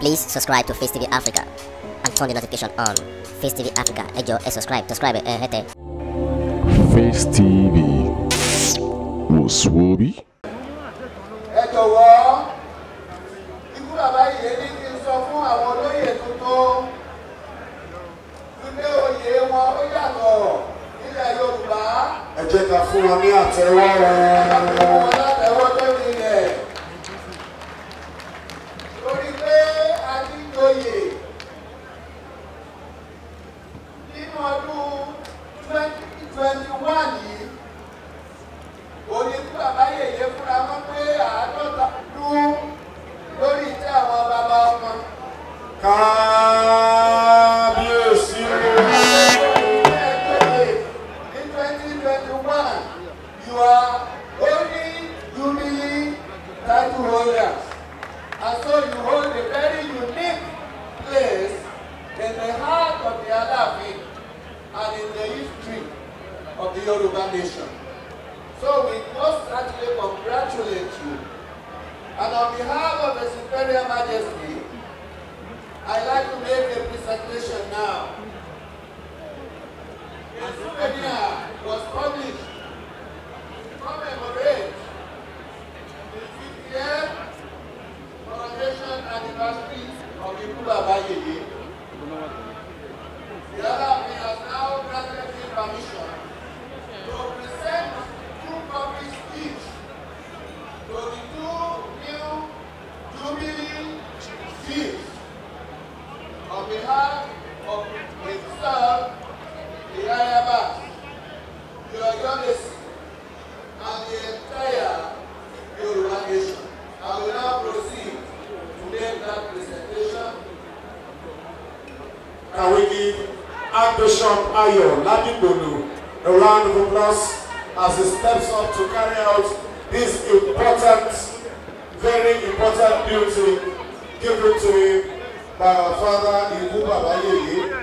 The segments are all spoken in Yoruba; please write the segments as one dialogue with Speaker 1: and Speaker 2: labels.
Speaker 1: Please subscribe to Face TV Africa and turn the notification on. Face TV Africa, ẹ jọ̀ọ́ subscribe, subscribe ẹ hẹ́tẹ̀. Face TV wò sùn orí.
Speaker 2: Ẹ jọ̀wọ́ ikú bàbá yìí ní kí n sọ fún àwọn olóyè tuntun wípé oyè wọn ó yàtọ̀ nílẹ̀ Yorùbá. Ẹ jẹ́ ká fún wọn 21 And on behalf of His Superior Majesty, I'd like to make a presentation now of his son, Eliabas, your youngest, and the entire Yoruba nation. I will now proceed to make that presentation. Can we give Archbishop Ayo Ladigbolu a round of applause as he steps up to carry out this important, very important duty given to him bá a fara ikú bàbá yèyé.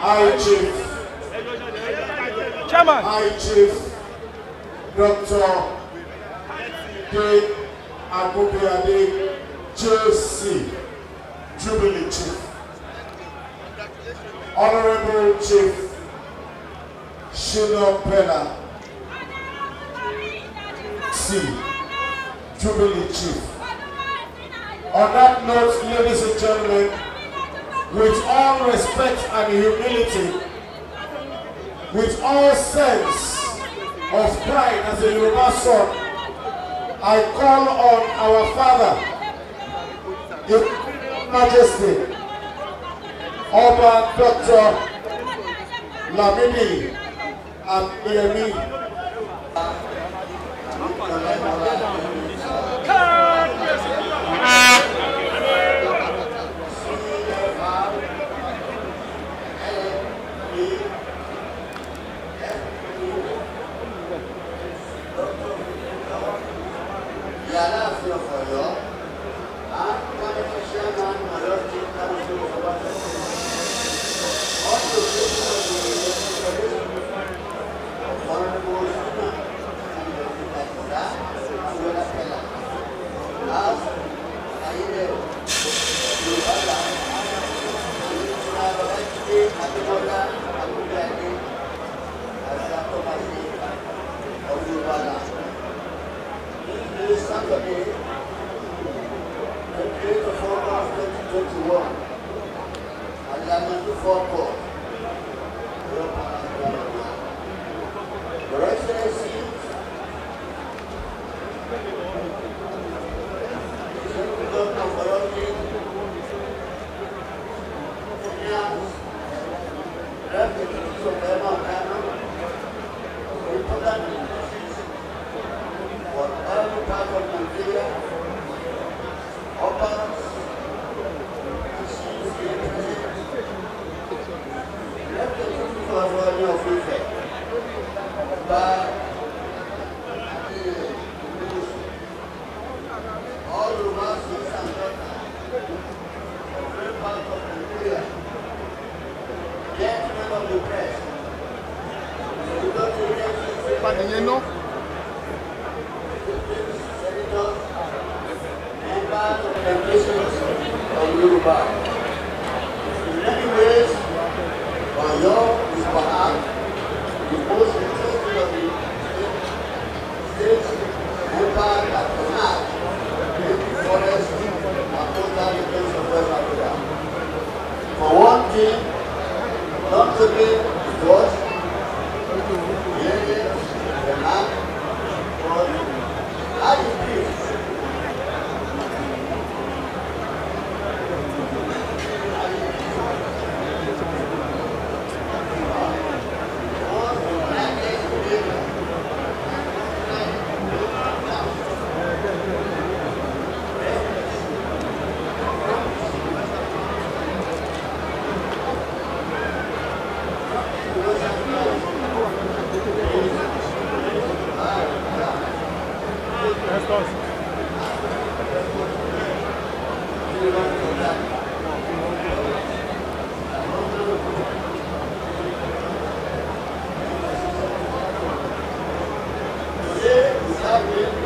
Speaker 2: High Chief. Chairman. High Chief
Speaker 1: Doctor, K. Abubuade J.C. Jubilee Chief, Honorable
Speaker 2: Chief Shino Pena C, Jubilee Chief. On that note, ladies and gentlemen, with all respect and humility, with all sense of pride as a Yoruba son, I call on our father, majesty ọba dr lamini and adeyemi. Urubá. Obrigado.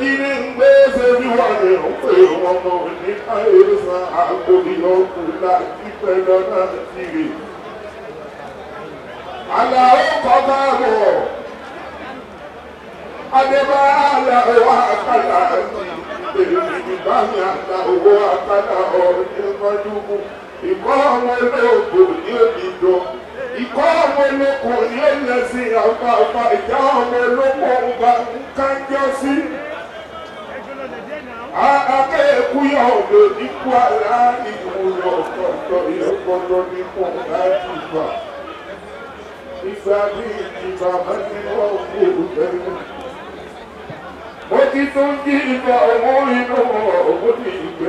Speaker 1: ìdílé ń gbé sẹ́bí wà ní ọ̀pẹ ọmọ ní àìsàn àgbòdìyànkù láti pẹ̀lú náà ti rè. Àlàó kọ́ bá wọ̀. Adébá àlàó àkàlà ìbéèrè ìdìbò àmì àlàó àkàlà ọ̀rẹ́ mọ́dúkú. Ìkọ́ ọmọ olóògùn ní òdìdó. Ìkọ́ ọmọ olóògùn ní èlẹ́sìn aka ekwu ya ọgụ ikwu ala igbo ya ọkọtọ ya ọkọtọ n'ikwu na ifa ife adịghị ifa mmadụ ọgụ obere otito ndị ife ọmụghị n'ụlọ obodo igbe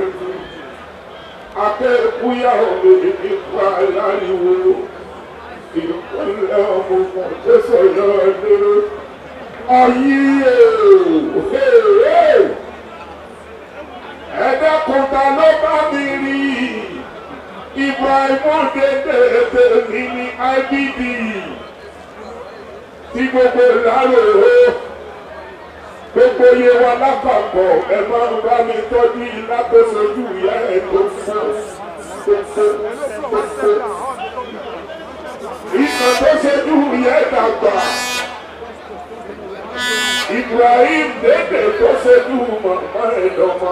Speaker 1: aka ekwu ya ọgụ ikwu ala igbo ìpínlẹ̀ ọmọkùn tó sọ̀rọ̀ ẹ̀dẹ́rẹ́ ayé èrò èrè ẹ̀dá kùtà ló bá mi rí Ibrahim Dédé mi ní IBD tí gbogbo ìlàrò gbogbo iye wa lápapọ̀ ẹ máa ń bá mi tọ́jú ilá tó sojú ìyá ẹ̀ tó fún ìtàn tó sojú ìyá ẹ̀ dàgbà. Ibrahim Dédé tó sojú màmá ẹ̀ dọ́mọ.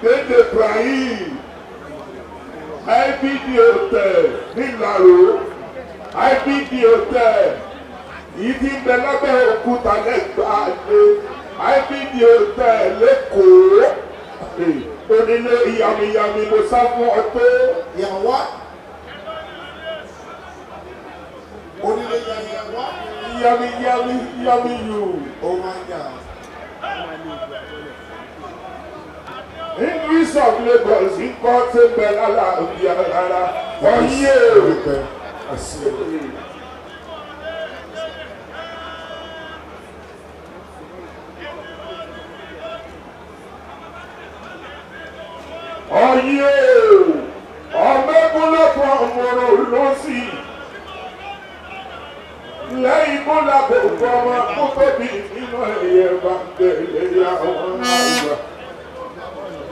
Speaker 1: kéde Ibrahim IBD hotel nílàró IBD hotel yìí ti bẹ lábẹ́ òkúta lẹ́gbàá lé IBD hotel lẹ́kọ̀ọ́ onílé ìyàmìyàmì ló sá fún ọ tó. yàwá onílé yàwá. ìyàmìyàmì yàmìyù. ó máa English of Lagos ikọ́ tẹ́gbẹ́ lára òbí ara wọ́n yé èèpẹ̀ àṣírí.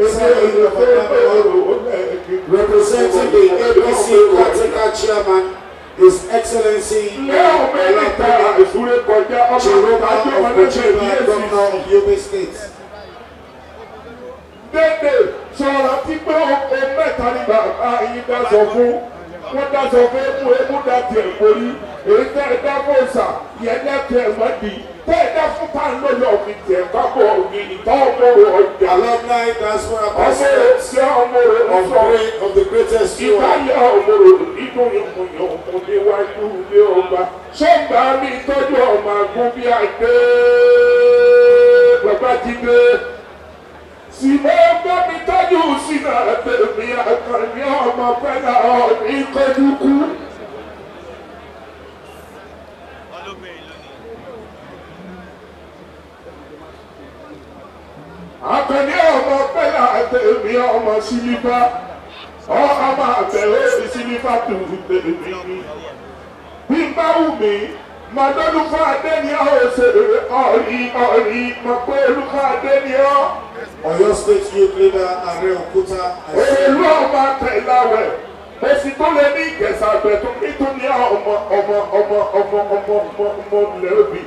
Speaker 2: representing
Speaker 1: the APC Katika chairman, His Excellency Chiroba of Kochiba, Governor of Yobe State. Dede sọ̀rọ̀ tí pé oko mẹ́ta ni bàbá yìí dáṣọ fún wọ́n dáṣọ fún emu emu dá tiẹ̀ mórí èyí tẹ́ ẹ dá fún ọ̀sà yẹn dá tiẹ̀ bẹ́ẹ̀ dá fún pàǹdọ̀ lọ fi tẹ̀ kábọ̀ ògiri tọ́wọ́ ọjà. alumni transfer ọsẹ ṣe ọmọrò of great of
Speaker 2: the greatest steward. ìbáyọ̀
Speaker 1: nínú ìmùyàn kò níwájú ilé ọba. sọ́gbà mi tọ́jú ọmọ àgùn bí àgbẹ̀ bàbá ti gbé. Sìmọ́ bá mi tọ́jú sínú àtẹ̀mí àkànní ọmọ pẹ́lá ọ̀ ní kọjú kú. Àkànní ọmọ pẹ́lá tèmi ọmọ sílífà ọmọ àtẹ̀wé sílífà tó tèmi bí bá ma mí mọ̀dọ́lùfọ́ adéníọ́ òṣèré ọ̀rí ọ̀rí mọ̀pẹ́ olùfọ́ adéníọ́. Ọ̀yọ́ state youth leader Ààrẹ Òkúta. Èrú ọmọ àtẹ̀láwẹ̀ èsì tó lé ní ìgbésàgbẹ̀ tó nítorí ọmọ ọmọ ọmọ ọmọ ọmọ ọmọ ọmọ lẹ́rù bíi.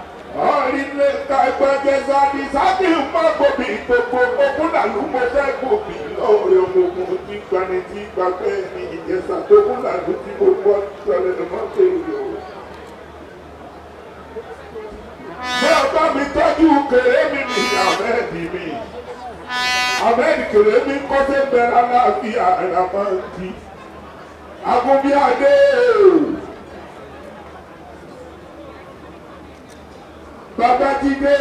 Speaker 1: ọ̀rìnlẹ̀ kẹgbẹ́gẹ́sà ni sábì ń bá gbòbí gbogbo ogún làlú mo fẹ́ gbòbí lọ́ọ̀rẹ́ ọmọogun tí gbani tí gbàgbẹ́ ni ìjẹsà tó kún làlú tí mo gbọ́ sọlẹ̀ lọ́mọ́ ṣe yìí o. ṣé ọgbọ́n mi tọ́jú kèrè mi ní ahmed mi ahmed kèrè mi kọ́sẹ́ bẹ̀rẹ̀ aláàfin àràmọ́ ti agunbíadé o. bàbá ti dé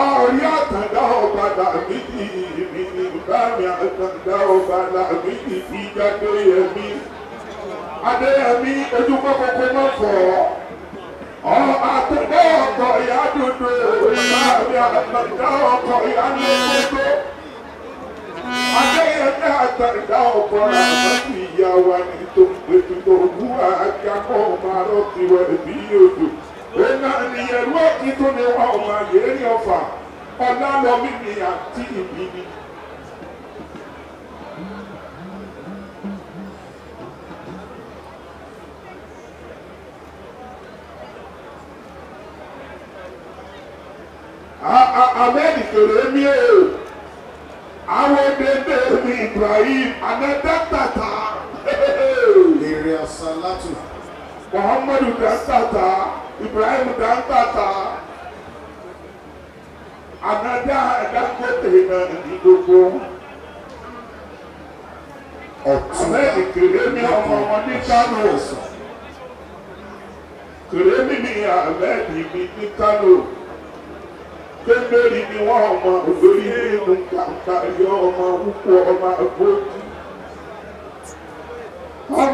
Speaker 1: ọ̀rí àtàndá ọ̀bàdà méjì mi ni bámi àtàndá ọ̀bàdà méjì fi jáde yẹmi adéyẹmi ojú kókókó náà fọ̀ ọ́ àtàndá ọkọ̀ ìyá dodo bámi àtàndá ọkọ̀ ìyá dodo adéyẹmi àtàndá ọkọ̀ ìyá ìyá wa ni tó ń gbẹdúgbò wúwa akẹ́kọ̀ọ́ máa rọ̀ tiwẹ̀ bí odò. ena ènìyàn ló ìtò wa ọmọ yẹn ọfà ọfà ọ̀nà lọ́mí ni àti ìbí ni. Ahmed kere emie o awo dede mi Ibrahim anada tata. Èrè àsálàtù. Muhammadu da tata. Ibrahim Dangbata anada Dangote na ìdìgbò ọ̀tún ìkèrè ní ọmọ wọn ní Kánò ọ̀sán ní àlẹ́ ìbí ní Kánò kébèrè ni wọ́n ọmọ olórí nínú kàkà yọ ọmọ púpọ̀ ọmọ agbóhùn.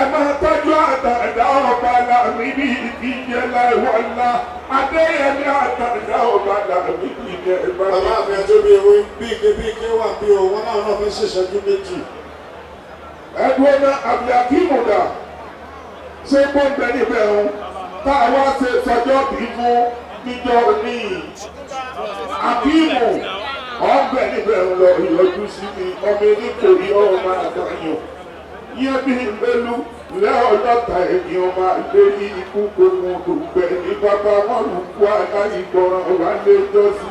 Speaker 1: ẹ máa tọ́jú àtàdá ọba làmì ní ìdíje láìwọ́lá adéyẹmí àtàdá ọba làmì ní ìdíje láìwọ́lá. bàbá àfẹ tó bí ewé bí ike bí ike wà bí o wọn náà náà fi ṣèṣẹ́jú méjì. ẹgbẹ́ náà àbí akímùdà ṣé gbọ́ǹdẹ̀ níbẹ̀ ń tá a wá ṣe sọjọ́ bí fún jíjọ ní akímù ọ̀gbẹ́ níbẹ̀ lọ ìyọjú sí mi ọmọ elékòrí ọmọ àgbáyọ̀ yẹ bí pẹ̀lú lẹ́ọ̀lọ́ta ènìyàn máa lé ní ikú gbogbo ògbẹ́ ní bàbá wọn lù kú aláìgbọràn wà lé jọ́sí.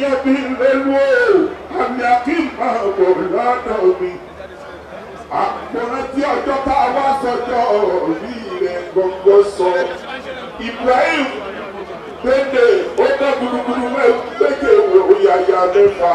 Speaker 1: yẹ bí pẹ̀lú o àmì akim máa bọ̀ lọ́dọ̀ mi. àkùnrin tí ọjọ́ tá a wá sọjọ́ orí rẹ̀ gbọ̀ngàn sọ Ibrahim gbẹ̀dẹ̀ ó dá gbúgbúrú méje òyàyà mẹ́fà.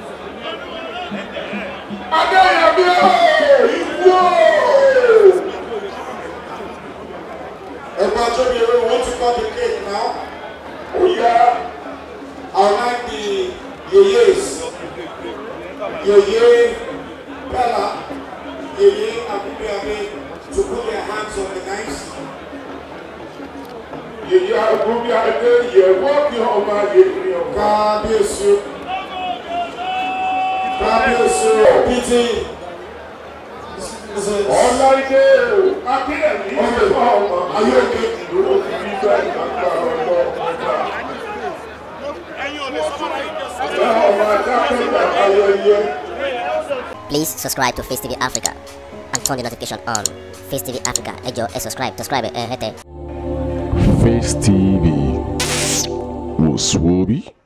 Speaker 2: Adéyẹmí ìwọ.
Speaker 1: Ẹgbẹ́ tó ní eré wọ́n ti kọ́ the cake náà. Ó yá
Speaker 2: around the yeyes. Yeye Pella, Yeye Abubuame to put their hands on the knives.
Speaker 1: Yeye Abubuame, yẹ wọ́n bí ọba yẹ ìrìn
Speaker 2: ọ̀gá bí èsì. Please
Speaker 1: subscribe to Face TV Africa and turn the notification on. Face TV Africa, ẹ jọ̀ọ́ subscribe, subscribe
Speaker 2: ẹ eh, Face TV, wò sùn